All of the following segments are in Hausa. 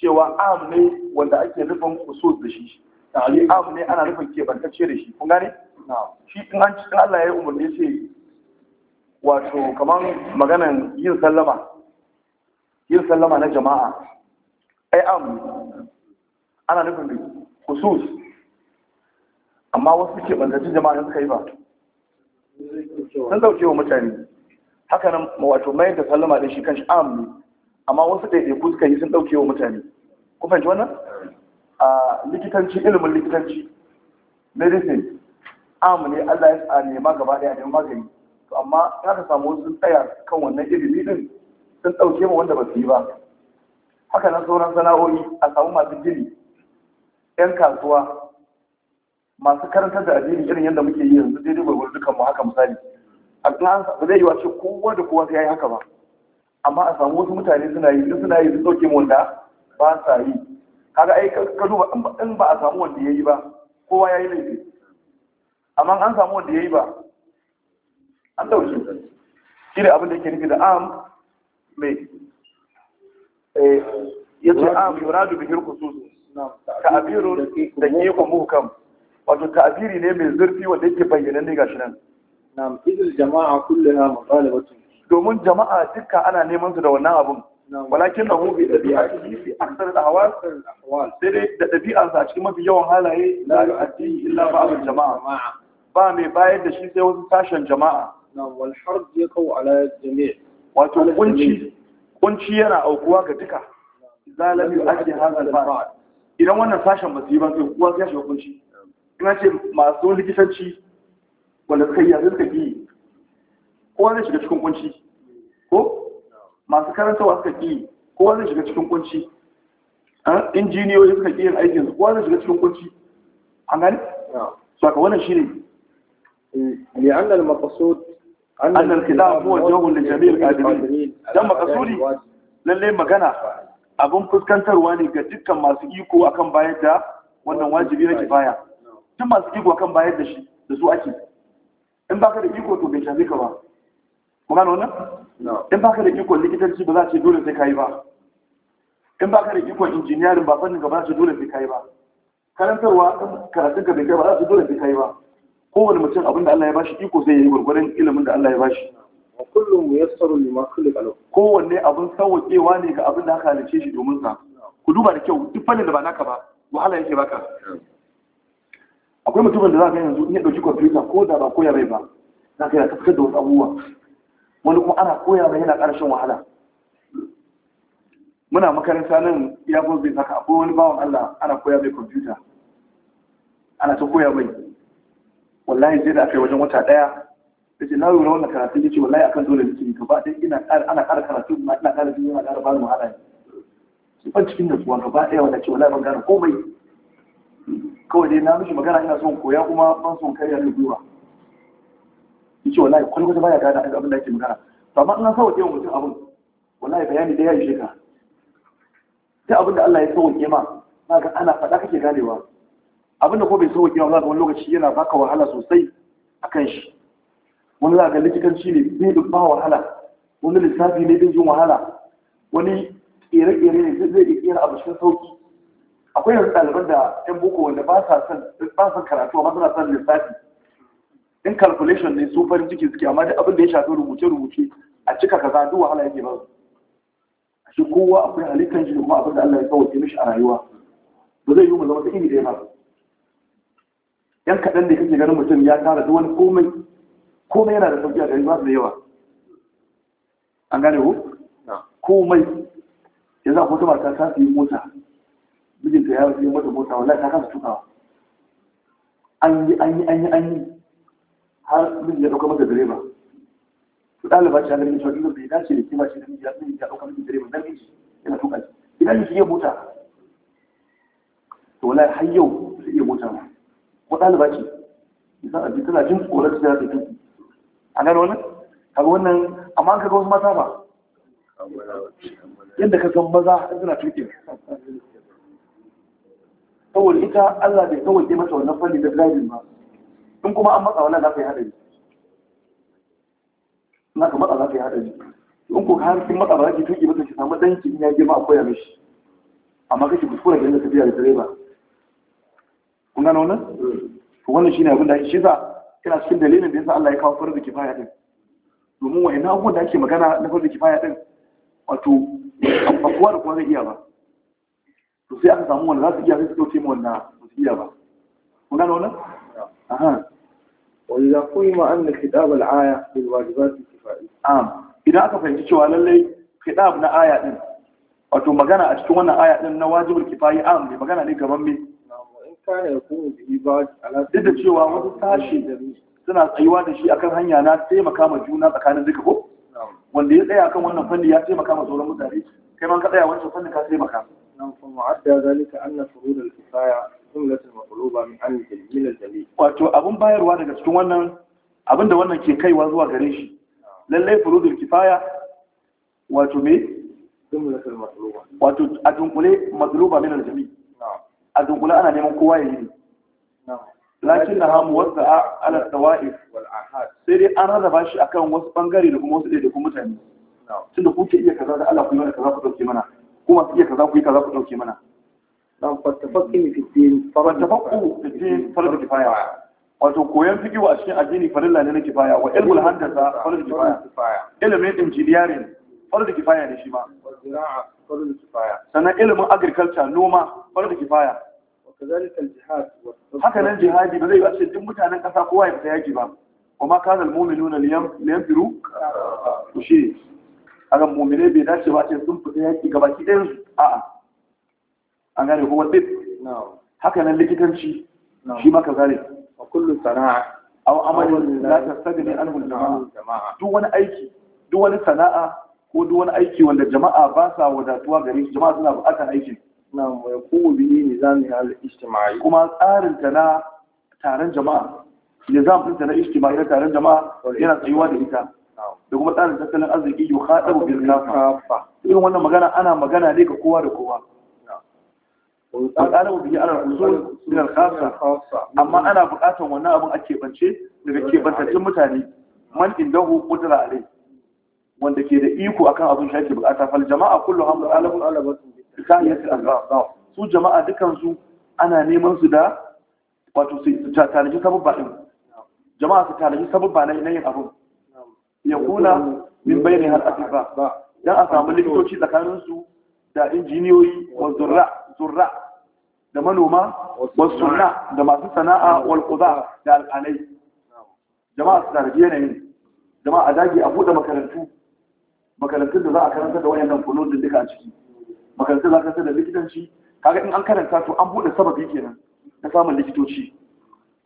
cewa am ne wanda ake nufin usul da shi ta'ali am ne ana nufin kebantacce da shi kun gane shi in an cikin Allah ya yi umarni ce wato kamar maganan yin sallama yin sallama na jama'a ai am ana nufin da usus amma wasu bantacce jama'a suka kai ba sun dauke wa mutane haka nan wato mayar da sallama da shi kan shi am ne amma wasu ɗaiɗaiku suka yi sun ɗauke wa mutane ku fahimci wannan a likitanci ilimin likitanci medicine amu ne Allah ya sa nema gaba ɗaya ne magani to amma ya ka samu wasu tsaya kan wannan ilimi din sun ɗauke wa wanda ba su yi ba haka nan sauran sana'o'i a samu masu gini yan kasuwa masu karantar da addini irin yadda muke yi yanzu daidai gwagwaro dukan mu haka misali a ɗan zai yi wa ce kowa da kowa sai ya yi haka ba amma a samu wasu mutane suna yi suna yi su ɗauke wanda ba sa yi kaga ai ka duba in ba a samu wanda ya yi ba kowa ya yi laifi amma an samu wanda ya yi ba an ɗauke shi ne abin da yake nufi da am mai eh, ya ce am yuradu bihir kusus ta'abirun da ke muhkam wato ta'abiri ne mai zurfi wanda yake bayyana ne gashi nan na'am idil jama'a na mutalibatu domin jama'a duka ana neman su da wannan abun walakin na hobi yi fi aksar al-ahwal sai dai da ɗabi'arsa a cikin mafi yawan halaye da la yu'addi illa abin jama'a ba mai bayar da shi sai wasu sashen jama'a wal harj yaqau ala jami' wato kunci kunci yana aukuwa ga duka idza ake yu'addi hadha idan wannan sashen ba su yi ba sai kuwa sai shiga kunci ina ce masu likitanci wanda suka yi yanzu suka yi kowa zai shiga cikin kunci ko masu karanta suka ƙi kowa zai shiga cikin kunci ah, injiniyoyi suka ƙi yin aikin su kowa zai shiga cikin kunci an gani saka wannan shine shi eh, ne. maqsud anna al-kalam huwa jawhun dan maqsudi lalle magana abin fuskantarwa ne ga dukkan masu iko akan bayar da wannan wajibi na kifaya tun masu iko akan bayar da shi da su ake in baka da iko to bai shafe ka ba ku gano wannan in baka da ikon likitanci ba za ce dole sai kai ba in baka da ikon injiniyarin ba fannin ka ba za ce dole sai kai ba karantarwa karatun ka bai kai ba za ce dole sai kai ba kowane mutum abin da Allah ya bashi iko sai ya yi gwargwaron ilimin da Allah ya bashi kullum mu yassaru lima khuliqa lahu kowanne abin sauwakewa ne ga abin da aka halice shi domin sa ku duba da kyau duk fannin da ba naka ba wahala yake baka akwai mutumin da za ka yanzu in ya ɗauki kwamfuta ko da ba koya bai ba za ka yi ta fitar da wasu abubuwa wani kuma ana koya mai yana ƙarshen wahala muna makaranta nan ya fi zai saka akwai wani bawon Allah ana koya mai kwamfuta ana ta koya mai wallahi zai da aka yi wajen wata ɗaya da ce na lura wani karatu ya ce wallahi akan dole nake yi gaba ɗaya ina ana ƙara karatu ma ina ƙara jin ma ƙara bani wahala ne ban cikin natsuwa gaba ɗaya wanda ce wallahi ban gane komai kawai dai na mishi magana ina son koya kuma ban son karya da gwiwa yace wallahi kwani wata baya gane abin da ake magana to amma ina sauke wa mutum abin wallahi bayani da ya ishe ka sai abin da Allah ya sauke ma zaka ana faɗa kake ganewa abin da ko bai sauke ma zaka wani lokaci yana baka wahala sosai akan shi wani zaka likitanci ne zai duk ba wahala wani lissafi ne bai wahala wani ƙere-ƙere ne zai iya ƙera abu cikin sauki akwai yanzu ɗaliban da 'yan boko wanda ba sa son karatu ba suna son lissafi in calculation ne su farin ciki suke amma da abin da ya shafi rubuce-rubuce a cika ka za duk wahala yake ba shi kowa akwai halittar shi kuma abin da Allah ya sauke mishi a rayuwa ba zai yi mu zama ta iri ɗaya ba yan kaɗan da kake ganin mutum ya tara duk wani komai komai yana da sauƙi a gari ba da yawa an gane ko komai ya za ku ta mata ta yi mota mijinta ya yi mata mota wallahi ta kasa tukawa an yi an yi an yi an yi har min ya ɗauka masa direba to ɗaliba ce hannun cewa ɗin bai dace da kima shi da miji ya ɗauka ya ɗauka masa direba dan miji yana tuka shi idan miji ya mota to wallahi har yau zai iya mota ba ko ɗaliba ce idan abin tana jin tsoron ta tafi a gano wannan kaga wannan amma kaga wasu mata ba yadda ka san maza suna tuke saboda ita Allah bai kawai mata wannan fanni da driving ba in kuma an matsa wannan za ka yi haɗari na ka matsa za ka yi haɗari in ko har kin matsa ba za ki tuki ba ki samu danki in ya girma a koya mishi amma kake kuskura ga yadda tafiya da direba kun gano wannan hmm. to wannan shine abin da ake shiza kana cikin dalilin da yasa Allah ya kawo farzu kifaya din domin na abubuwan da ake magana na farzu kifaya din wato ba kowa da kowa zai iya ba to sai aka samu wanda za su iya sai su ɗauke mu wanda ba su iya ba kun gano wannan wani za ku yi ma'an da أن خطاب الآية بالواجبات الكفائية نعم Idan aka fahimci cewa lallai khitab na aya din wato magana a cikin wannan aya din na wajibul kifayi am ne magana ne gaban me in kana yakunu bihi ba duk da cewa wasu tashi suna tsayuwa da shi akan hanya na taimaka ma juna tsakanin duka ko wanda ya tsaya kan wannan fanni ya taimaka ma sauran mutane kai man ka tsaya wancan fanni ka taimaka nan fa mu'adda zalika anna furud al-kifaya wato abun bayarwa daga cikin wannan abin da wannan ke kaiwa zuwa gare shi lallai furudul kifaya wato me wato a dunkule matsaluba min aljami a dunkule ana neman kowa ya yi lakin na hamu wasu a ala tawa'if sai dai an rarraba shi akan wasu bangare da kuma wasu ɗaya da kuma mutane tunda kuke iya kaza da Allah ku yi mana kaza ku ɗauke mana kuma su iya kaza ku yi kaza ku ɗauke mana dan fattafaqqi fi din fattafaqqu fi din farz kifaya wato koyon fiqh a cikin addini farilla ne na kifaya wa ilmul hadasa farz kifaya injiniyarin engineering farz kifaya ne shi ma Sannan ilimin farz agriculture noma farz kifaya haka nan jihadi ba zai yi wace duk mutanen ƙasa kowa ya fita yaki ba kuma ka zan nuna liyan liyanfiru Kushe, shi kaga mu'mine bai dace ba ce sun fita yaki gabaki ɗayan su a'a an gane kuma dip haka nan likitanci shi maka zare a kullum sana'a aw amalin la tastagni anhu jama'a duk wani aiki duk wani sana'a ko duk wani aiki wanda jama'a ba sa wadatuwa gare shi jama'a suna buƙatar aikin na'am wa yaqumu bihi nizami al-ijtima'i kuma tsarin ta na taron jama'a nizam din ta na ijtima'i na taron jama'a yana tsayuwa da ita da kuma tsarin tattalin arziki yau yukhadabu bil kafa irin wannan magana ana magana ne ga kowa da kowa al'alamu biyu ana usul min al-khassa amma ana buƙatar wannan abin a keɓance daga keɓantaccen mutane man indahu qudra alai wanda ke da iko akan abin shi ake buƙata fal jama'a kullu hamu alamu alabatu bi tahiyati al-ghassa su jama'a dukan su ana neman su da wato su tanaji sababba din jama'a su tanaji sababba na yin abin ya kuna min bayani har asifa dan a samu likitoci tsakaninsu da injiniyoyi wa surra da manoma wasunna da masu sana'a wal da al'anai jama'a su tarbiya yanayin jama'a a dage a buɗe makarantu makarantun da za a karanta da wayannan funodin duka a ciki makarantun za karanta da likitanci kaga in an karanta to an buɗe sababi kenan na samun likitoci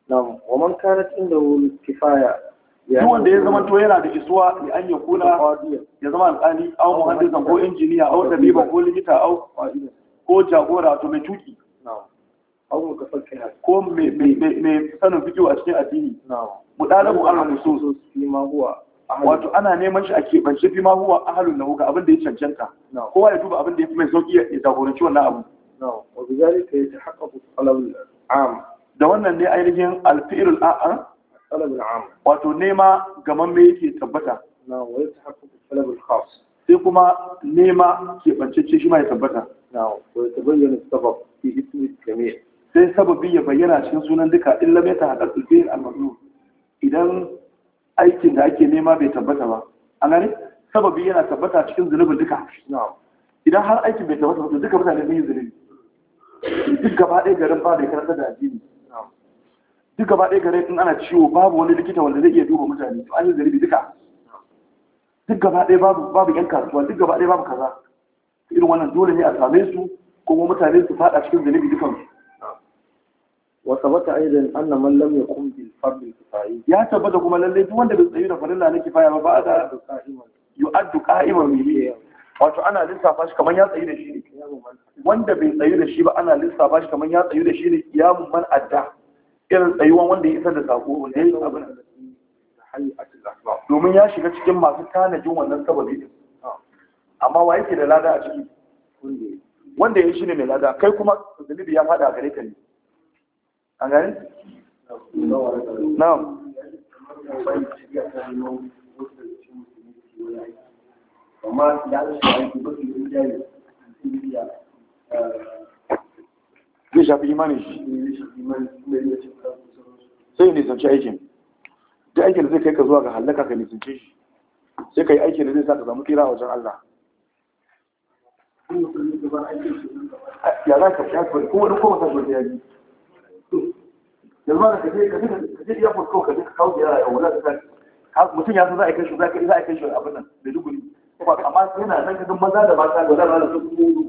na'am wa man kifaya duk wanda ya zama to yana da isuwa ya an yi kula ya zama alƙali au muhandisan ko injiniya au tabiba ko likita au ko jagora to mai tuki ko mai sanin fikiyo a cikin addini mu ɗalabu an ramu so wato ana neman shi a keɓance fi mahuwa a halin na ga abin da ya cancanta kowa ya duba abin da ya fi mai sauƙi ya jagoranci wannan abu da wannan ne ainihin alfi'irul a'a wato nema gaman me yake tabbata sai kuma nema keɓance ce shi ma ya tabbata sai sababi ya bayyana cikin sunan duka in lam yatahaqqaq fi al-mazlum idan aikin da ake nema bai tabbata ba an gane sababi yana tabbata cikin zunubin duka idan har aikin bai tabbata ba duka mutane sun yi zunubi duk gaba ɗaya garin ba da karanta da addini duk gaba ɗaya garin in ana ciwo babu wani likita wanda zai iya duba mutane to an yi zunubi duka duk gaba ɗaya babu babu yan kasuwa duk gaba ɗaya babu kaza irin wannan dole ne a same su kuma mutane su fada cikin zunubi dukan su wa sabata aidan anna man lam yaqum bil fard al kifayi ya tabbata kuma lalle duk wanda bai tsayu da farilla na kifaya ba ba da yu'addu qa'iman bihi wato ana lissafa shi kamar ya tsayu da shi ne wanda bai tsayu da shi ba ana lissafa shi kamar ya tsayu da shi ne kiyamun man adda irin tsayuwan wanda ya isa da sako wanda ya yi abin domin ya shiga cikin masu tanajin wannan sababi amma wa yake da lada a ciki wanda ya shi ne mai lada kai kuma zunubi ya fada a gare ka ne an gani? na'am amma da aiki ba su zai shafi imanin shi sai nisanci aikin da aikin da zai kai ka zuwa ga hallaka ka nisanci shi sai ka yi aikin da zai sa ka zama kira a wajen Allah ya za ka sha kuma duk kuma ka je ka je ka je ka je mutum ya za a kai shi za abin nan da duguri amma yana nan ga maza da mata da za su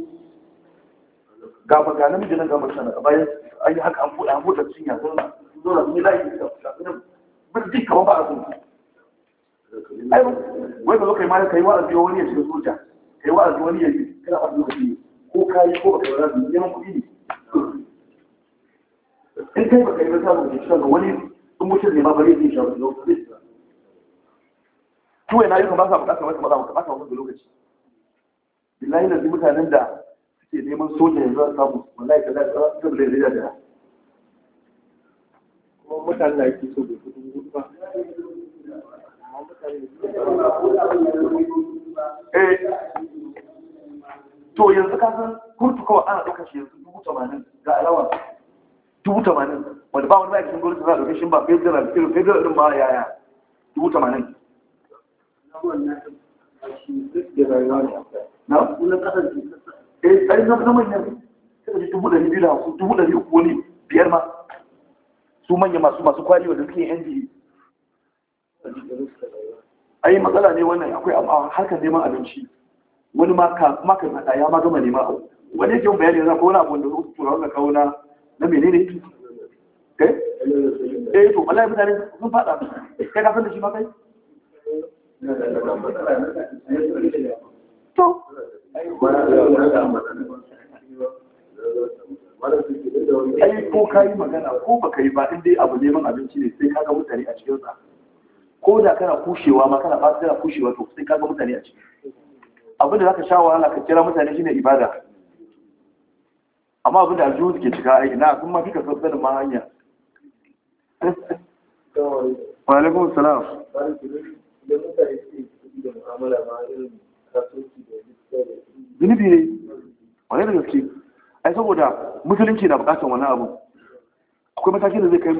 ga namiji nan ga bayan an yi haka an buɗe an buɗe cinya zo na sun yi da ka zo kai ma wa'azi wani ya shiga soja kai wa'azi wani ya kana ba lokaci ko kayi ko ba kaura neman kuɗi ne in kai ba kai yi samu da shi ga wani in mutum ne ma bare zai shi ba lokaci to yana yin ba sa bukatar wata maza ba sa wani lokaci billahi na mutanen da suke neman soja yanzu a samu wallahi ka zai tsara suka bule zai da kuma mutanen da ake so da kudin gudu ba eh, to yanzu ka san kurtu kawai ana ɗaukar shi yanzu dubu tamanin ga alawa dubu tamanin wanda ba wani ba yakin gwamnati za a ɗauke shi ba federal irin federal ɗin ba yaya dubu tamanin. na kuna kasar eh ai na manyan suka ji dubu ɗari biyu da hamsin dubu ɗari uku wani biyar ma su manya masu masu kwari wanda suke yan jiri e. ai matsala ne wannan akwai harkar neman abinci wani ma ka faɗa ya ma gama nema abu wani yake yin bayani yana ko wani abu wanda su turawa ga kawo na na menene kai eh? eh to wallahi mutane sun faɗa kai ka san da shi ma kai to ai ko ka yi magana ko ba ka yi ba in dai abu neman abinci ne sai kaga mutane a cikin sa? ko da kana kushewa ma kana ba kana kushewa to sai kaga mutane a cikin abin da za ka sha wahala ka kira mutane ne ibada amma abin da aljihu suke cika aiki na sun mafi ka sassa da mahanya wa alaikum zunubi ne wane da gaske ai saboda musulunci na bukatar wani abu akwai matakin da zai kai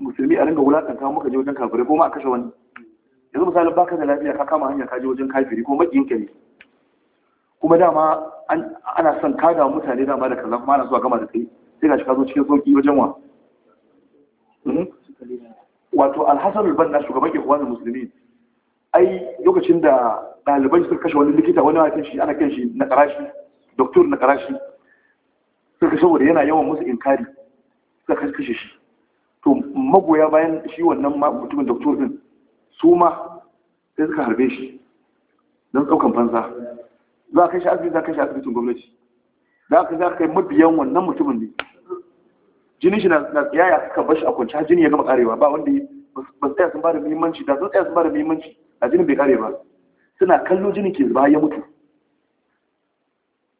musulmi a ringa kawo muka je wajen kafirai ko ma a kashe wani yanzu misalin baka da lafiya ka kama hanya ka wajen kafiri ko makiyin ne kuma dama ana son kada mutane dama da kallon mana zuwa gama da kai sai ga shiga zo cikin sauki wajen wa hmm? wato alhassan albanna shugaban ikhwanul musulmi ai lokacin da ɗaliban su kashe wani likita wani wafin shi ana kan shi na karashi doktor na karashi ka saboda yana yawan musu inkari suka kashe shi to magoya bayan shi wannan mutumin doktor din su ma sai suka harbe shi don tsaukan fansa za ka shi asibiti za ka shi asibitin gwamnati za ka za ka yi mabiyan wannan mutumin ne jinin shi na tsiyaya suka bashi a kwanci har jini ya gama karewa ba wanda ba su tsaya sun bada muhimmanci da sun tsaya sun bada muhimmanci a jinin bai kare ba suna kallo jinin ke zuba ya mutu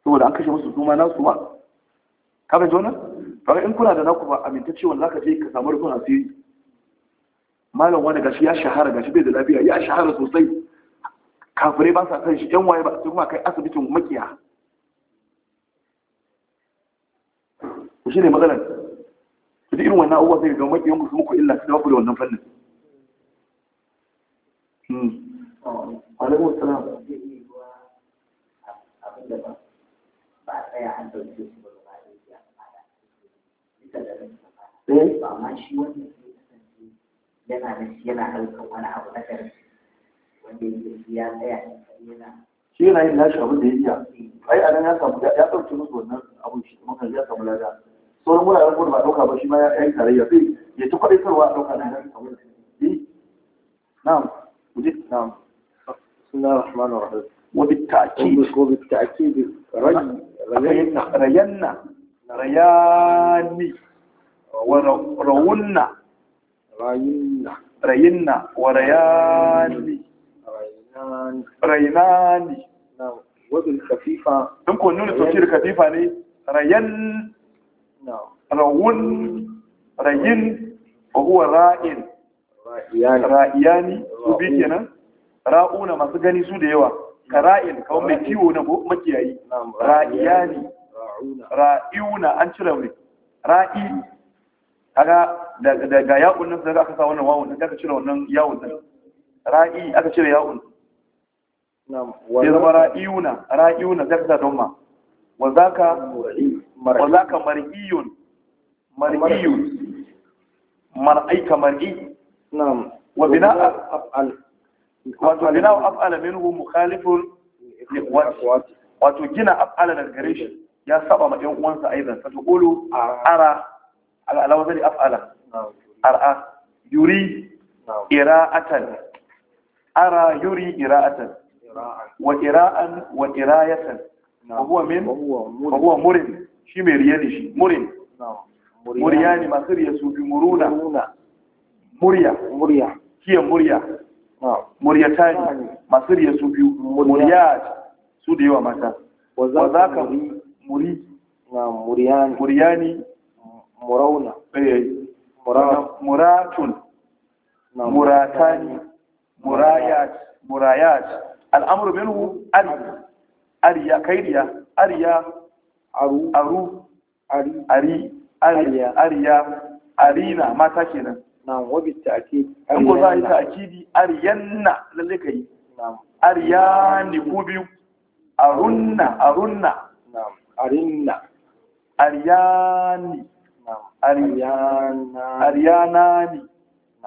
saboda an kashe musu su na suma ma ka fahimci wannan kaga in kuna da naku ba aminta cewa za ka je ka samu rufin asiri malam wani gashi ya shahara gashi bai da lafiya ya shahara sosai kafure ba sa san shi yan waye ba su kuma kai asibitin makiya ku shi ne matsalar su ji irin wannan abubuwa sai ga makiyan ku su muku illa su dawo da wannan fannin hmm. alaikum salam eh? yana yana wani abu na shi yana yin nashi abin da ya iya ai a nan ya samu ya ɗauke musu wannan abin shi kuma ya samu lada sauran wuraren gudu ba ɗauka ba shi ma ya yi tarayya zai ya ci kwaɗai sarwa a ɗauka da nan abin na'am kuje na'am bismillahir rahmanir rahim wa bitta'kid wa bitta'kid rayanna rayanna rayani wa rawunna rayinna rayinna wa rainani wazin kafifa in ko nuna sauki da kafifa ne rayan rawun rayin huwa ra'in ra'iyani su bi kenan ra'una masu gani su da yawa ka ra'in kawai mai kiwo na makiyayi ra'iyani ra'iuna an cire wuri ra'i kaga daga ya'un nan sai aka sa wannan wawun sai aka cire wannan yawun nan ra'i aka cire ya'un نعم ورائيون رائيون ذاك دوما وذاك مرئي وذاك مرئيون مرئيون مرئيك مرئي نعم وبناء افعل وبناء افعل منه مخالف لاخوات وتجنا افعل الغريش يا سبا ما يوم وانسا ايضا فتقول ارى على لو ذلك افعل نعم. ارى يري نعم. اراءه ارى يري اراءه wa wa irayatan wa huwa min wa huwa murin shi mai riya shi murin muriya ne masu riya su bi muruna murya murya kiya murya muryata ne masu riya su biyu murya su da yawa mata wa za muri muryani muryani murauna eh. muratun muratani murayat murayat al'amuru minhu ariya ariya kairiya ariya aru aru ari ariya ariya arina mata kenan na'am wabi ta'kid an ko za yi ariyanna lalle kai na'am ariyani ku biyu arunna arunna na'am arinna ariyani na'am ariyana ariyanani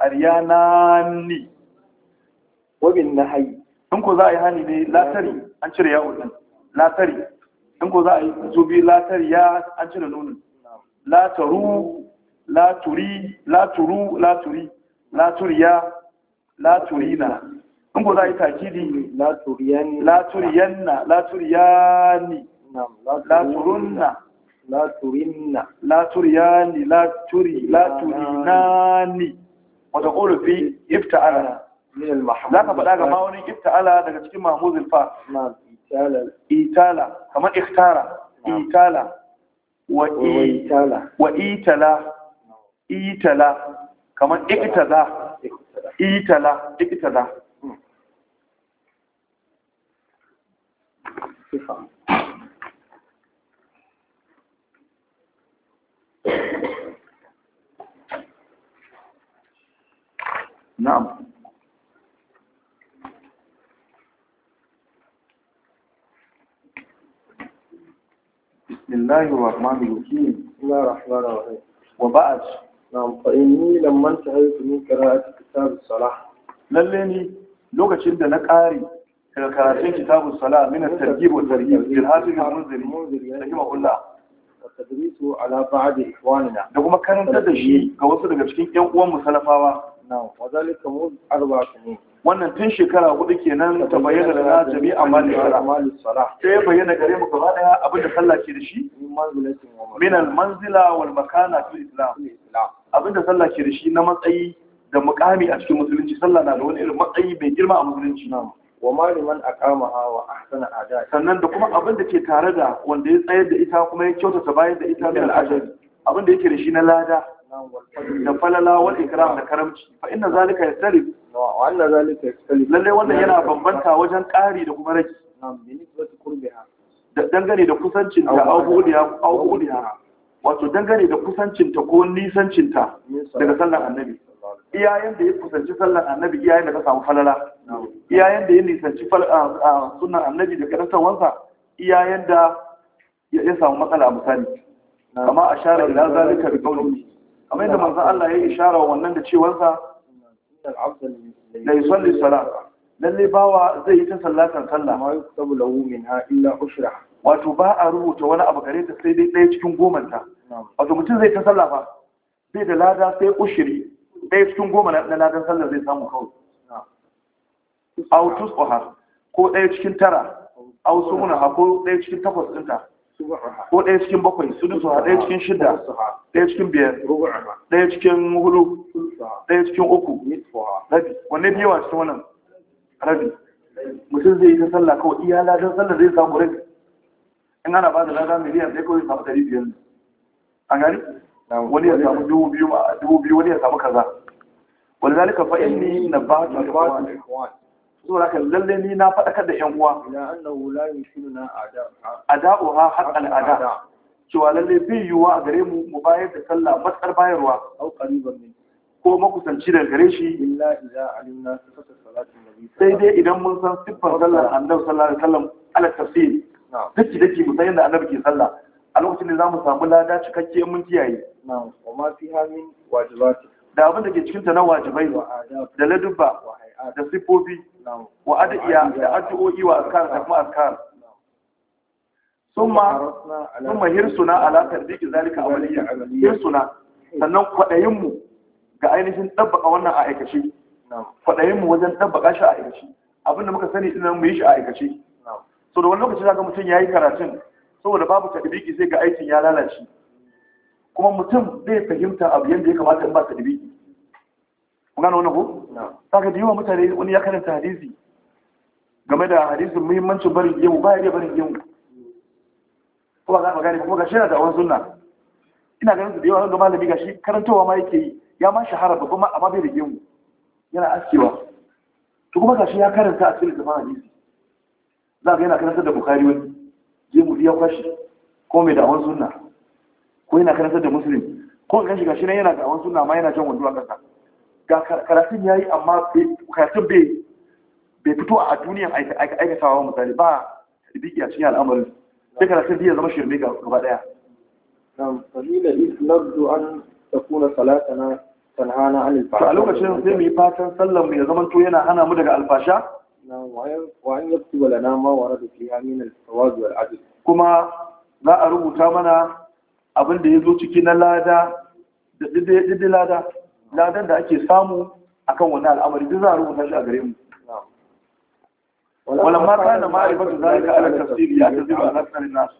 ariyanani wabin in ko za a yi hani ne latari an cire ya nan latari in ko za a yi zubi latari ya an cire nunin lataru laturi laturu laturi laturiya laturina in ko za a yi takidi laturiyanna laturiyani laturunna laturinna laturiyani laturi laturinani wata ƙorafi ifta'ala za ka faɗa ga ma'aunin ibta'ala daga cikin mahmuzin fa itala kamar ikhtara itala wa itala itala kamar iktaza itala iktaza نعم بسم الله الرحمن الرحيم بسم الله الرحمن الرحيم وبعد نعم فإني لما انتهيت من قراءة كتاب الصلاة لليني da na kare daga karatun kitabun sala min at-targhib wa tarhib bil hafiz al-munziri rahimahullah wa tadrisu ala ba'd ikhwanina da kuma karanta da shi ga wasu daga cikin ƴan uwan musalafawa na'am wa zalika wannan tun shekara hudu kenan ta bayyana da na a mali sara ta ya bayyana gare mu gaba daya abin da sallah ke da shi min al manzila wal makana fil islam abin da sallah ke da shi na matsayi da mukami a cikin musulunci sallah na da wani irin matsayi mai girma a musulunci na wa mali man aqamaha wa ahsana ada sannan da kuma abin da ke tare da wanda ya tsayar da ita kuma ya kyautata bayar da ita min al ajr abin da yake da shi na lada da falala wal ikram da karamci fa inna zalika yastalif wa anna zalika yastalif lalle wannan yana bambanta wajen ƙari da kuma raki dangane da kusancin da auhudiya wato dangane da kusancin ta ko nisancin ta daga sallar annabi iyayen da ya kusanci sallar annabi iyayen da ka samu falala iyayen da ya nisanci sunan annabi da karasawansa iyayen da ya samu matsala misali amma a share ila zalika bi qawli kamar yadda manzon Allah ya ishara wannan da cewansa lai salli sala lalle bawa zai yi ta sallatan sallah ma lahu minha illa ushra wato ba a rubuta wani abu gare ta sai dai ɗaya cikin gomanta. ta wato mutum zai ta sallah fa sai da lada sai ushiri ɗaya cikin goma na ladan sallar zai samu kawai autus ohar ko ɗaya cikin tara ausu muna ko ɗaya cikin takwas ɗinta ko ɗaya cikin bakwai sudusu ha ɗaya cikin shida ɗaya cikin biyar ɗaya cikin hudu ɗaya cikin uku rabi wanne biyu a cikin wannan rabi mutum zai yi ta sallah kawai iya ladan sallah zai samu rabi in ana ba da lada miliyan zai kawai samu dari biyar an gani wani ya samu dubu biyu wani ya samu kaza wani zalika fa'in ni na ba ta saboda haka lalle ni na faɗakar da ƴan uwa ila annahu la yushiruna ada'uha haqq ada cewa lalle bai yiwuwa a gare mu mu bayar da sallah matsar bayarwa au qariban min ko makusanci da gare shi illa idza alimna sifata salatin nabi sai dai idan mun san siffar sallar annabi sallallahu alaihi wasallam ala tafsir daki daki mu san yadda annabi ke sallah a lokacin da za mu samu lada cikakke mun kiyaye na'am ma fiha min wajibati da abin da ke cikin ta na wajibai da ladubba da siffofi wa adiya da addu'o'i wa azkar da kuma azkar summa summa hirsuna ala tarbiki zalika awliya hirsuna sannan kwadayin mu ga ainihin dabbaka wannan a aikace kwadayin mu wajen dabbaka shi a aikace abinda muka sani din mu yi shi a aikace so da wani lokaci zaka mutum yayi karatun saboda babu tadbiki sai ga aikin ya lalace kuma mutum zai fahimta abu yanda ya kamata in ba tadbiki gano wani ko? saka da wa mutane wani ya karanta hadisi game da hadisin muhimmancin barin yau ba ya iya barin gemu kuma za a gane kuma gashi yana da awon suna? ina ganin su da yawa wanda malami gashi karantowa ma yake yi ya ma shahara babban ma amma bai da gemu yana askewa to kuma gashi ya karanta a cikin littafin hadisi za ga yana karanta da bukari wani gemu ya kwashi ko mai da awon suna, ko yana karanta da musulmi ko gashi gashi nan yana da awon suna ma yana jan wando a ƙasa ga karatun ya yi amma karatun bai fito a duniyan aikatawa misali ba biki a cikin al'amarin sai karatun zai zama shirme gaba daya a lokacin sai mu yi fatan sallan mu ya zama to yana hana mu daga alfasha wa ya fi wa nama wa wara da fiha min al kuma za a rubuta mana abin da ya zo ciki na lada da lada ladan da ake samu akan wannan al'amari duk za a rubuta shi a gare mu walamma kana ma'rifatu zalika ala tafsir ya zuba ala aksar nasu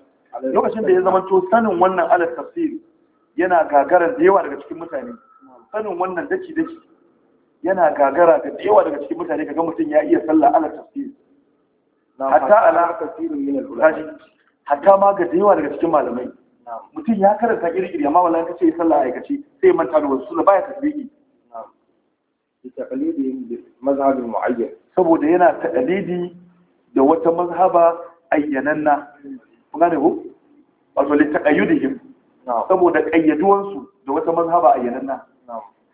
lokacin da ya zama to sanin wannan ala tafsir yana gagara da yawa daga cikin mutane sanin wannan daki daki yana gagara da yawa daga cikin mutane kaga mutum ya iya sallah ala tafsir hatta ala tafsirin min al-ulama hatta ma ga yawa daga cikin malamai mutum ya karanta girgiri amma wala ka ce sallah aikaci sai manta da wasu baya tasbihi taqlidi mazhab mu'ayyan saboda yana taqlidi da wata mazhaba ayyananna kun gane ko wato li taqayyudihim saboda qayyaduwan su da wata mazhaba ayyananna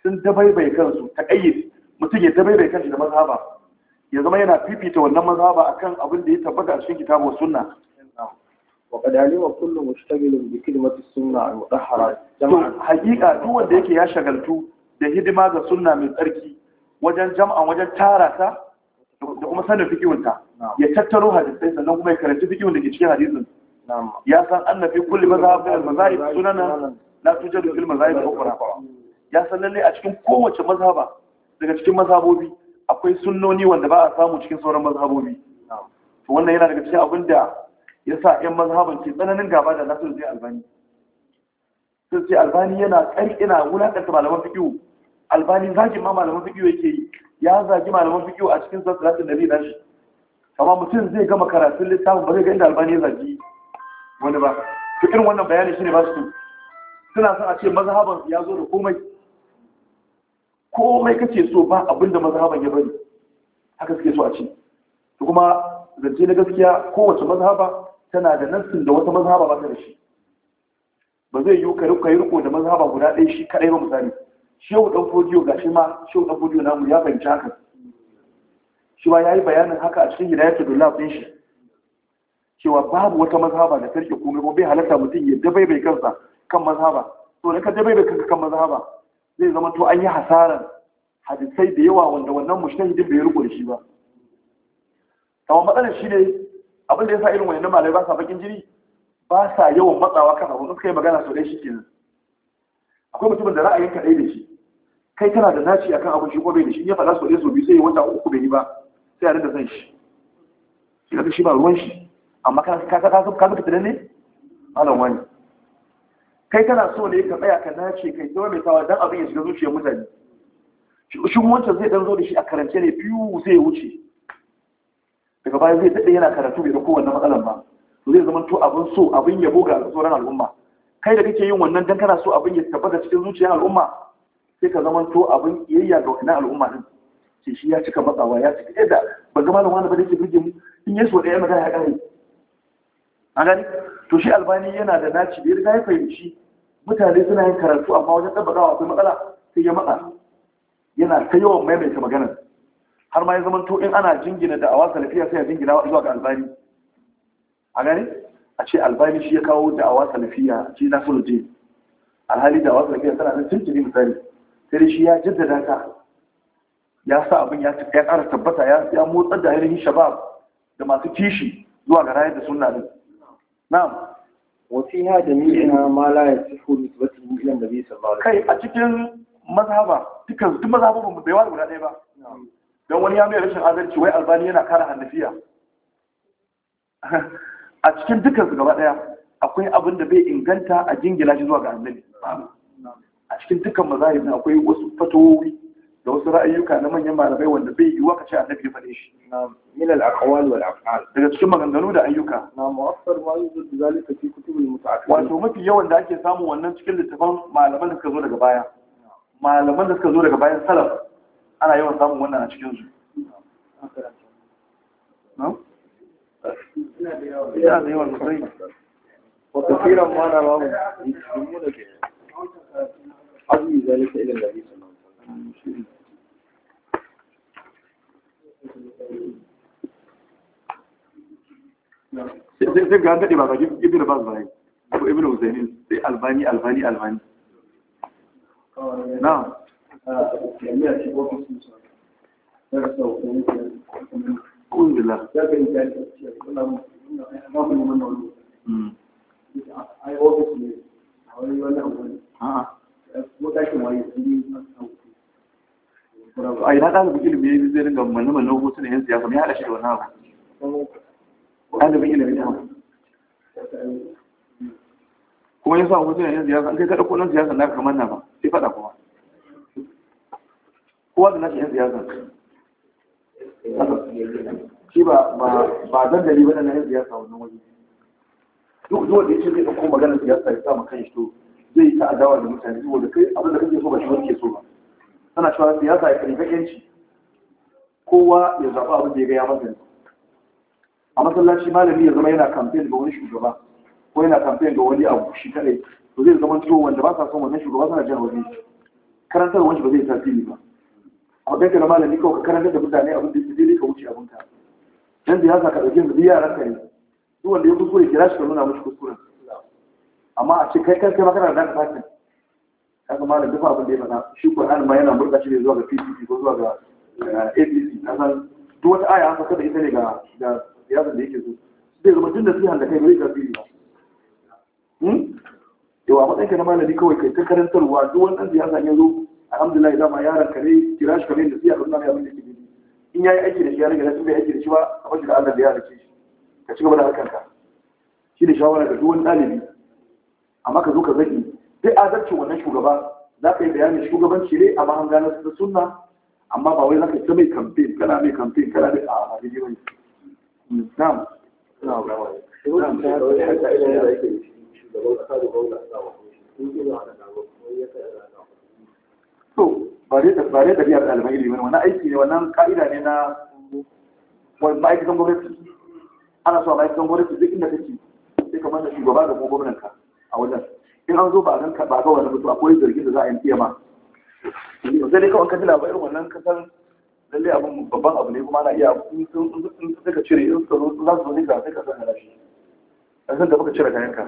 sun dabaibai kansu taqayyid mutum ya dabaibai kansu da mazhaba ya zama yana fifita wannan mazhaba akan abin da ya tabbata a cikin kitabu sunna وقد علم كل مشتغل بكلمة السنة المطهرة جمعا حقيقة duk wanda yake ya shagaltu da hidima ga sunna mai tsarki wajen jama'a wajen tara da kuma sanin fikihun ta ya tattaro hadisai sannan kuma ya karanta fikihun da ke cikin hadisin ya san annabi kulli mazhab al mazahib sunana la tujadu fil mazahib al ukhra ya san lalle a cikin kowace mazhaba daga cikin mazhabobi akwai sunnoni wanda ba a samu cikin sauran mazhabobi to wannan yana daga cikin abin da ya sa 'yan mazhaban ke tsananin gaba da nasiru zai albani sun ce albani yana ƙarƙina wulaƙanta malaman fiƙiyu albani zagin ma malaman fiƙiyu yake yi ya zagi malaman fiƙiyu a cikin sassalatin da zai shi amma mutum zai gama karatun littafin ba zai ga inda albani ya zagi wani ba to irin wannan bayani shine ba su suna son a ce mazhaban ya zo da komai komai ce so ba abinda mazhaban ya bari haka suke so a ce Ta kuma zance na gaskiya kowace mazhaba tana da nassin da wata mazhaba ba ta da shi ba zai yi ka yi riko da mazhaba guda ɗaya shi kaɗai ba misali shehu ɗan fodiyo ga shi ma shehu ɗan fodiyo namu ya fahimci haka shi ma ya yi bayanin haka a cikin hidayatul dullah ɗin shi cewa babu wata mazhaba da karke komai ko bai halatta mutum ya bai kansa kan mazhaba to da ka bai kanka kan mazhaba zai zama to an yi hasaran hadisai da yawa wanda wannan mushtahidin bai riko da shi ba amma matsalar shi ne abin da ya sa irin wani malamai ba sa bakin jini ba sa yawan matsawa kan abu suka yi magana sau ɗaya shi kenan akwai mutumin da ra'ayin kaɗai da shi kai tana da naci akan abin shi ko bai da shi ya faɗa sau ɗaya sau biyu sai ya wata uku bai yi ba sai a rinda zan shi shi ga shi ba ruwan shi amma ka ka ka ka ka ne malam wani kai tana so ne ka tsaya ka nace kai ta mai tawa dan abin ya shiga zuciyar mutane shi wancan zai dan zo da shi a karance ne biyu sai ya wuce daga baya zai daɗe yana karatu bai ga kowanne matsalan ba to zai zama to abin so abin yabo ga sauran al'umma kai da kake yin wannan dan kana so abin ya tabbata cikin zuciyar al'umma sai ka zama to abin yayya ga wannan al'umma din sai shi ya cika matsawa ya cika yadda ba zama lamana wani ba da yake burge mu in ya da ya magana ya ƙare a gani to shi albani yana da naci da ya riga ya fahimci mutane suna yin karatu amma wajen tabbatawa akwai matsala sai ya matsa yana ta yawan maimaita maganar har ma ya zama to in ana jingina da awa salafiya sai ya jingina zuwa ga albani a gani a ce albani shi ya kawo da awa salafiya shi na fulje alhali da awa salafiya tana nan tuntuni misali sai shi ya jaddada ka ya sa abin ya ya ƙara tabbata ya ya motsar da ainihin shabab da masu kishi zuwa ga rayar da sunna din na'am wa fiha jami'ina ma la yasihu nisbatuhu ila nabi sallallahu alaihi wasallam kai a cikin mazhaba dukkan duk mu bai wani guda ɗaya ba don wani ya mai rashin adalci wai albani yana kara hannafiya a cikin dukkan su gaba daya akwai abin da bai inganta a jingila shi zuwa ga annabi a cikin dukkan mazahib akwai wasu fatowi da wasu ra'ayyuka na manyan malamai wanda bai yi ka ce annabi ya faɗe shi min al aqwal wal af'al daga cikin maganganu da ayyuka na mu'assar ma yuzur zalika fi kutubul mutaakhir wato mafi yawan da ake samu wannan cikin littafan malaman da suka zo daga baya malaman da suka zo daga bayan salaf ana yawan samun wannan a cikin su sai ga daɗe ba ga ibn baz ba ko ibn uzaini sai albani albani albani na kungila a ina ɗalibin ilimi ya yi zai ringa manne-manne hutu da yin siyasa mai haɗa shi da wani abu ɗalibin ilimi ta kuma yin sa hutu da yin siyasa an kai kaɗa kolon siyasa na kamar na ba sai faɗa kuma kowa da nashi yan siyasa shi ba ba dandali ba na yan siyasa wannan wani duk duk wanda ce zai ɗauko maganar siyasa ya sa kan shi to zai yi ta adawa da mutane da kai abin da kake so ba shi ke so ba tana cewa siyasa ya karifa yanci kowa ya zaɓa abin da ya gaya masa a masallaci malami ya zama yana kamfen ga wani shugaba ko yana kamfen ga wani abu shi kadai to zai zama to wanda ba sa son wannan shugaba suna jan wani karantar wani ba zai tasiri ba a ka na malami kawai ka karanta da mutane abin da su daidai ka wuce abin ka dan da sa ka dauke mu yaran ka ne duk wanda ya kuskure kira shi ka nuna mishi kuskuren amma a ce kai kan kai makarar da ka fatin kaga malam duk abin da ya fata shi an ma yana murƙa shi ne zuwa ga PDP ko zuwa ga APC eh, na san duk wata aya haka saka da ita ne ga ga siyasar da yake so zai zama tun da sihan da kai bai karfi ba hmm? yawa matsayin ka na malami kawai kai ta karantarwa duk wani ɗan siyasa ya zo alhamdulillah a yaran ka ne kira shi kamar da siya ka nuna abin da ke gidi in yayi aiki da shi a rage da bai aiki da shi ba a bashi da Allah da ya rike shi ka ci gaba da ka shi ne shawara ga duk dalibi ɗalibi amma ka zo ka zaki duk adalcin wannan shugaba za ka yi bayanin shugabanci ne a mahanga na sunna amma ba wai za ka yi ta mai kamfen kana mai kamfen kana mai a hadiji ba ne na'am na'am na'am na'am to ba dai da bare da biyar ɗaliban ilimi ne wannan aiki ne wannan ka'ida ne na ma'aikatan gwamnati ana so a ma'aikatan gwamnati duk inda kake sai ka manta shugaba da kuma gwamnanka a wajen in an zo ba gan ka ba ga wani mutu akwai zargin da za a yi iya ma sai dai kawai ka ji labarin wannan kasan Lalle abin babban abu ne kuma na iya in sun suka cire in suka zo za su zo ne da sai ka san da shi san da baka cire kayan ka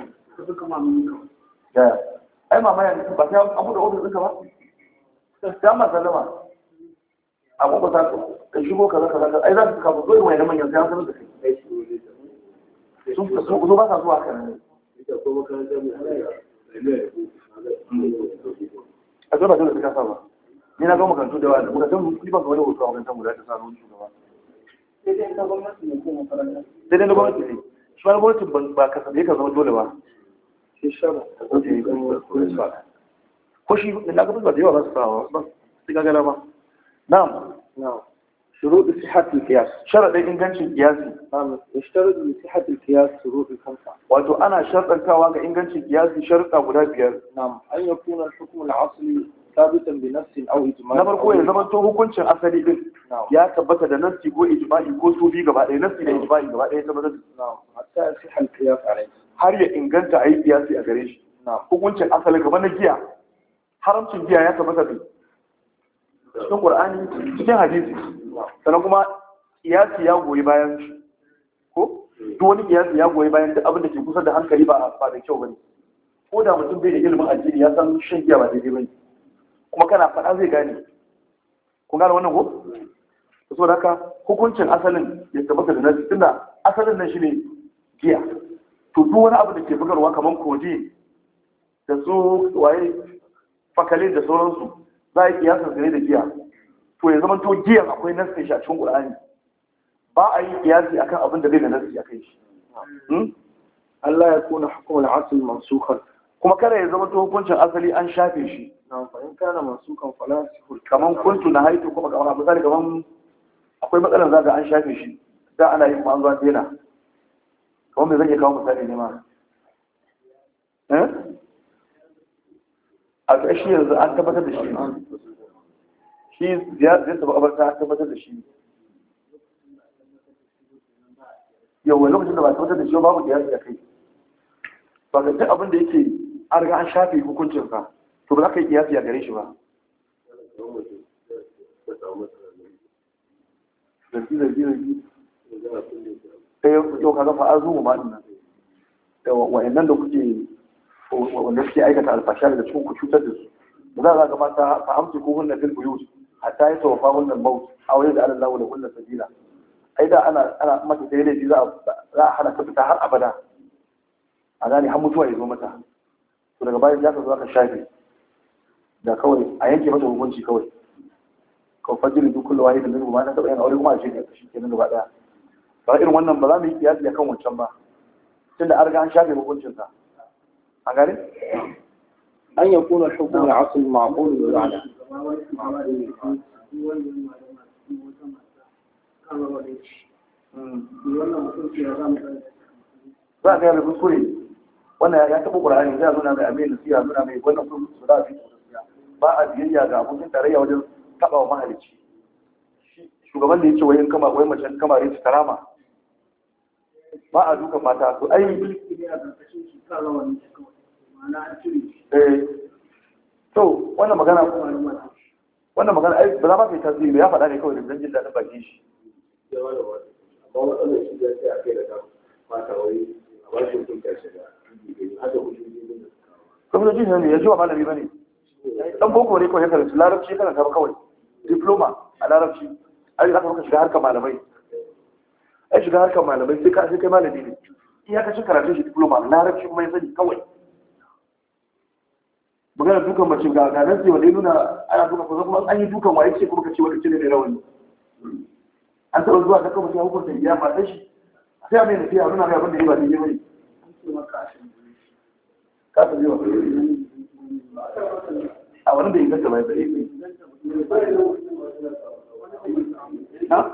ai mamaya ba sai an buɗe ofis ɗinka ba ta ma salama abu ba za ka shigo kaza kaza kaza ai za su kafa zo mai manyan sai an sanar da kai sun zo ba sa zuwa kan a zo ba zo da suka sa ba ni na ga makarantu da wani makarantu ni ba ga wani hoto a makarantar guda ta sa wani shugaba sai dai na gwamnati ne shi ba gwamnati ba zama dole خوشی اللہ کا gabas ba da yawa ba su sawa ba su gagara شروط صحة القياس شرط إنجنشن قياسي نعم اشترط لصحة القياس شروط الخمسة وأتو أنا شرط الكواك إنجنشن قياسي شرط أبو لابير نعم أن يكون الحكم العصلي ثابتا بنفس أو إجماع نعم كوي زمان تو هكونش أصلي إن نعم يا كبتة نفسي كو إجماع كو سوبي قبع نفسي لا إجماع قبع إيه تبدا نعم حتى يصح القياس عليه هاري إنجنت أي قياسي أغريش نعم هكونش أصلي كمان جيا haramcin biya ya tabbata bi cikin ƙwar'ani cikin hadisi sannan kuma iyasi ya goyi bayan ko duk wani iyasi ya goyi bayan duk abin da ke kusa da hankali ba ba da kyau bane ko da mutum bai da ilimin addini ya san shan giya ba daidai bane kuma kana faɗa zai gane kun gane wannan ko so da haka hukuncin asalin ya tabbata da nasi tunda asalin nan shine giya to duk wani abu da ke bugarwa kamar kodi. da su waye fakalin da sauransu za a yi kiyasan su da giya to ya zama to giyan akwai nasi shi a cikin qur'ani ba a yi kiyasi akan abin da zai da nasi akan shi hmm? Allah ya kuna hukumul asl mansukhan kuma kada ya zama to hukuncin asali an shafe shi na fa'in kana mansukan falasihul kaman kuntu na haitu kuma kaman misali kaman akwai matsalar zaga an shafe shi da ana yin ma'azuwa dena kamar mai zai iya kawo misali ne ma eh? a ƙarshe yanzu an tabbatar da shi shi zai da abarta an tabbatar da shi yawon lokacin da ba tabbatar da shi babu da ya kai ba ga duk abin da yake an riga an shafe ka, to ba za ka yi kiyasi a gare shi ba eh, yau ka zafa arzu ba ɗin nan wa'annan da kuke wanda suke aikata alfasha da cikin ku cutar da su ba za ka gama ta fahimci amsi ku hunna fil buyut hatta ya tawafa wannan maut aure da Allah da kullu sabila ai da ana ana mata da yare za a hana ta fita har abada a gane har mutuwa ya zo mata to daga bayan ya ka zo aka shafe da kawai a yanke mata hukunci kawai kawai fajiri duk kullu wahidin nuna, ba na taɓa yin aure kuma a ce ne shi kenan gaba ɗaya. ba irin wannan ba za mu yi kiyasi kan wancan ba tunda an riga an shafe hukuncinsa a an ya kuna shukun da asul ma'akulun da. za a gaya da kuskure wannan ya taɓa ƙura'ani za a nuna mai amin da siya nuna mai wannan kuma su da fi ba a biyayya ga abokin tarayya wajen taɓa wa mahalicci shugaban da ya ce wayan kama wayan macen kamare ta karama ba a duka mata to ai Eh, to wannan magana wannan magana ai ba za ma kai tasiri ya faɗa ne kawai da jin daɗin baki shi kuma jin ne ya ji wa malami ba ne. dan boko ne kawai ya karanta larabci kana ta kawai diploma a larabci ai za ka maka shiga harkar malamai ai shiga harkar malamai sai kai malami ne iya ka cin karatu shi diploma larabci kuma ya sani kawai magana dukan mace ga ganar ce wanda ya nuna ana duka kusa kuma an yi dukan waye ce kuma ka ce wani cire mai rawani an taɓa zuwa ta kama ya hukunta ya mata shi sai a mai tafiya nuna mai abin da ya ba ne. daidai bane kasa zuwa a wani da inganta bai bai ha?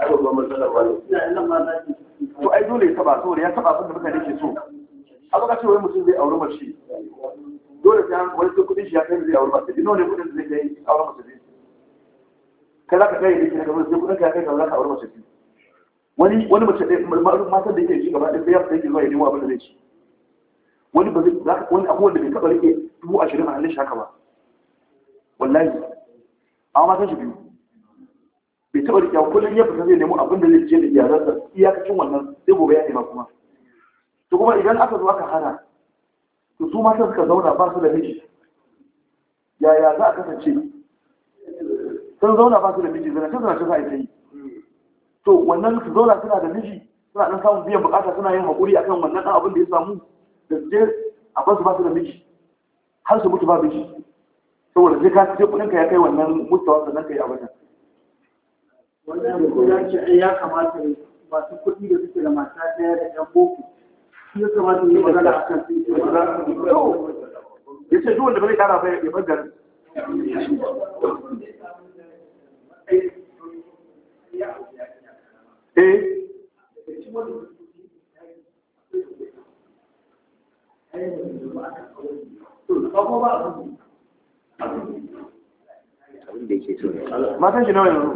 ai babban matsalar ba ne to ai dole ya taba saboda ya taba abin da mutane ke so a baka ce mutum zai auri mace dole sai an wani kudin shi ya kai zai auri mace nawa ne kudin zai kai auri mace kai za ka kai da ke daga wani kudin ka kai da za ka auri mace wani wani mace ɗaya matan da yake shi gaba ɗaya ya fita yake zuwa ya nemo abin da zai ci wani ba zai wani abubuwan da bai taɓa rike dubu ashirin a halin shi haka ba wallahi amma matan shi biyu bai taɓa riƙe kullum ya fita zai nemo abin da zai je da iyalansa iyakacin wannan sai gobe ya nema kuma to kuma idan aka zo aka hana to su mata suka zauna ba su da miji yaya za a kasance sun zauna ba su da miji zanace zanace za a yi to wannan su zauna suna da miji suna ɗan samun biyan bukata suna yin haƙuri akan wannan ɗan abin da ya samu da su je a su ba su da miji har su mutu ba miji saboda sai ka sai kuɗinka ya kai wannan mutuwa sannan ka yi abin nan wannan ko ya ce ya kamata ne masu kuɗi da suke da mata ɗaya da ɗan boko shi ya kamata ne magana a kan sai ya ce duk wanda bai kara bai ya bar garin eh Matan shi nawa yanzu?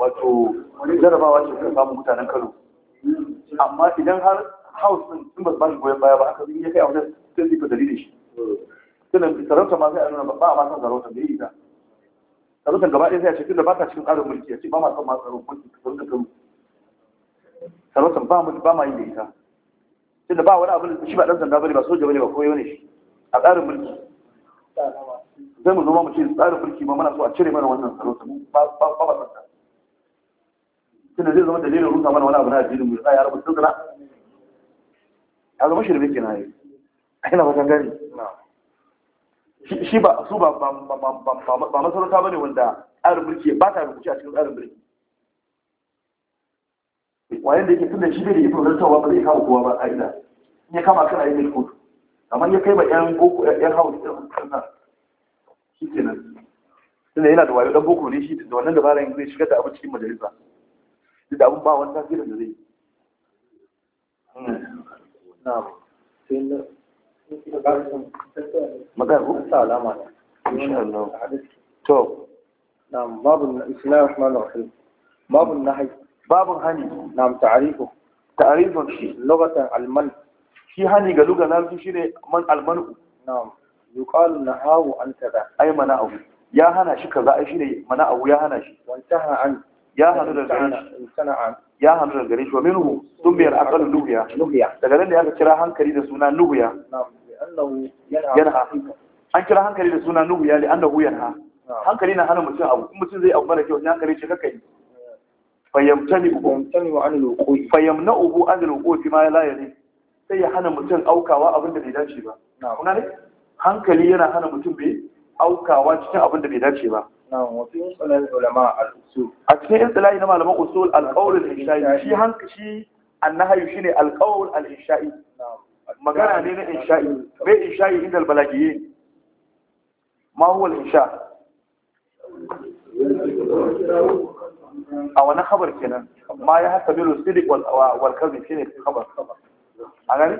wato jarabawa ce suka samun mutanen kano amma idan har house din sun ba su bashi goyon baya ba aka yi kai a wajen sai su fitari da shi Sannan sarauta ma sai a nuna ba a ma san sarauta da yi ta sarauta gaba ɗaya sai a ce tunda ba ta cikin tsarin mulki a ce ba ma san ma tsarin mulki sarauta kano sarauta ba mu ba ma yin da ita tunda ba wani abin shi ba ɗan sanda bane ba soja bane ba koyo ne shi a tsarin mulki sai mu zo ma mu ce tsarin mulki ma muna so a cire mana wannan sarauta ba ba ba tunda zai zama dalilin rusa mana wani abu na addinin mu a rabu sun zira ya zama shirme ke na yi a yana wajen gani shi ba su ba masarauta ba ne wanda tsarin mulki ba ta rubuce a cikin tsarin mulki wayan da yake tunda shi bai da ikon zartawa ba zai kawo kowa ba a ina in ya kama kana yi mai kotu amma ya kai ba yan boko yan hawa da kansa shi nan tunda yana da wayo dan boko ne shi da wannan yanzu zai shigar da abu cikin majalisa duk da abin ba wani tasirin da zai to نعم باب بسم الله الرحمن الرحيم باب النهي باب هني نعم تعريفه تعريف لغة المن في هني قالوا قالوا شيء من المنع نعم يقال نهاه عن كذا أي منعه يا هنا شي كذا أي شيء منعه يا هنا شي وانتهى عنه ya hannu da gare shi wa minhu dumbiyar aqalu nuhiya daga nan ya ka kira hankali da suna nuhiya yana an kira hankali da suna nuhiya da annahu ha. hankali na hana mutum abu mutum zai abu mara kyau ya hankali shi kakai fayyamtani ubu fayyamna ubu an lokofi ma ya layani sai ya hana mutum aukawa abin da bai dace ba hankali yana hana mutum bai aukawa cikin abin da bai dace ba a cikin istilahi na malaman usul alƙawul al-insha'i shi hanka shi annahayu shine alƙawul al-insha'i magana ne na insha'i bai insha'i inda al-balagiyye ma huwa al-insha a wani khabar kenan ma ya haka bilu sidik wal kadhib shine khabar a gani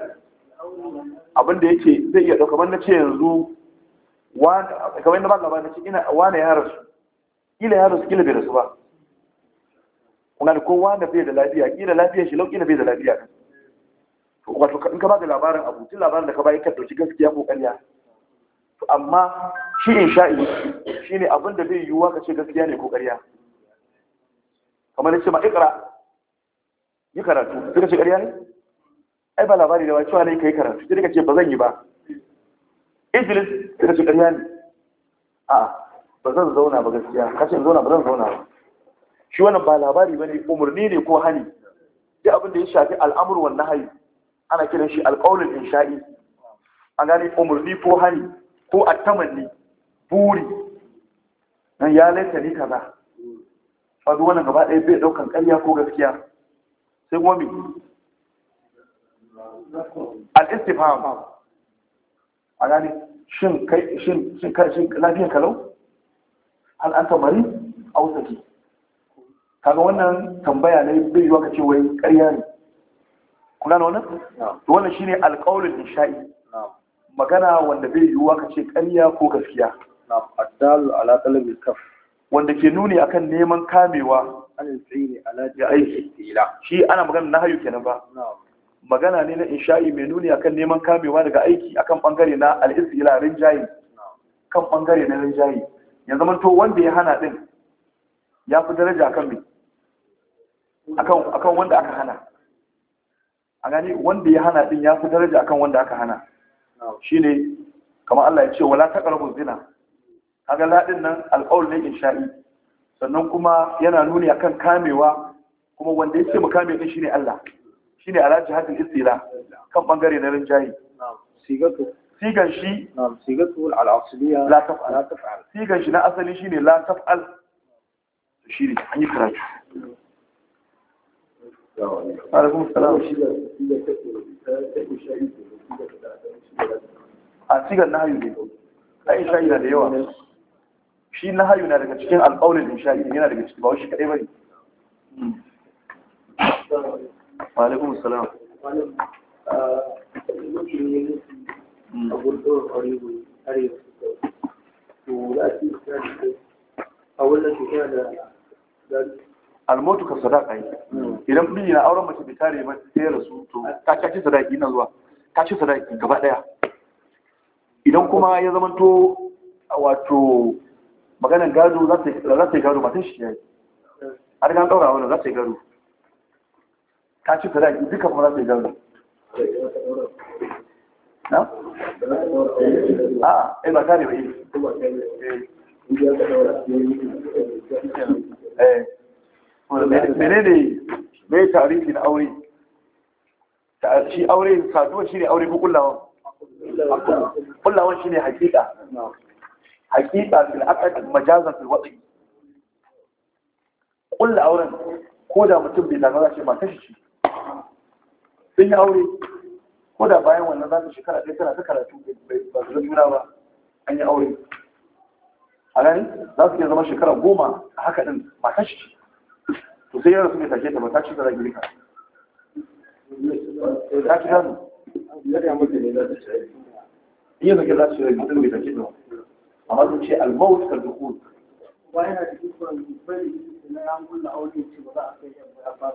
abinda yake zai iya dauka ban na ce yanzu kawai yadda ba labarin ce ina wane ya rasu kila ya rasu kila bai rasu ba Kuna da kowa da bai da lafiya kila lafiya shi lauƙi bai da lafiya wato in ka bada labarin abu tun labarin da ka ba ka dauki gaskiya ko ƙarya to amma shi in sha'i shi ne abin da bai yiwuwa ka ce gaskiya ne ko ƙarya kamar yace ma ikra yi karatu sai ka ce ƙarya ne ai ba labari da wacewa cewa ne kai karatu sai ka ce ba zan yi ba Iblis ka ce ƙarya ne a ba zan zauna ba gaskiya ka ce zauna ba zan zauna ba shi wannan ba labari ba ne umarni ne ko hani duk abin da ya shafi al'amurwan na hayi ana kiran shi in sha'i. an gane umarni ko hani ko attamanni buri nan ya laita ni kaza a wannan gaba ɗaya bai ɗaukan ƙarya ko gaskiya sai kuma me al-istifham a gane shin kai shin shin kai shin lafiyar kalau hal anta mari aw saki kaga wannan tambaya ne bai yiwa ce wai ƙarya ne kuna da wannan to wannan shine alqaulul insha'i magana wanda bai yiwa kace ƙarya ko gaskiya na'am addal ala talabil kaf wanda ke nuni akan neman kamewa an tsini ala da aiki shi ana magana na hayu kenan ba na'am magana ne na insha'i mai nuni akan neman kamewa daga aiki akan bangare na al'isila rinjaye kan bangare na rinjaye ya zama to wanda ya hana din ya fi daraja akan mai akan wanda aka hana a gani wanda ya hana din ya fi daraja akan wanda aka hana ne kamar Allah ya ce wala taqrabu zina kaga ladin nan alqaul ne insha'i sannan kuma yana nuni akan kamewa kuma wanda yake mu kame din shine Allah shine Alhaji hadin istila kan bangare na rinjayi sigatu sigan shi sigatu al-asliya la taf'al la taf'al sigan shi na asali shine la taf'al shine an yi karatu alaikum salam a sigan nahayu ne ai shayi na da yawa shi nahayu na daga cikin alƙawlin shayi yana daga cikin ba shi ba ne. Hmm. wa alaikum salam almotu ka sadaka yi idan miji na auren mace bai tare sai ya rasu to ka kaci sadaki na zuwa ka ci sadaki gaba daya idan kuma ya zamanto wato gado shi gado ka ci sadaki duka kuma za su yi zaune na? a ai ba kare ba yi mene ne mai tarihi na aure shi aure saduwa shi ne aure ko kullawan kullawan shi ne hakika hakika fil aqd majazan fil wadi kulla auren ko da mutum bai zama shi ma kashi sun yi aure ko da bayan wannan za su shekara ɗaya tana ta karatu ba su juna ba an yi aure a nan za su iya zama shekara goma a haka ɗin mata shi to sai yara su mai take ta mata ci da ragi rika ta ci hannu yi zake za su yi ragi mai take ta amma sun ce almawut ka dukul bayan da dukkan bari na an gulla aure ce ba za a kai yabba ba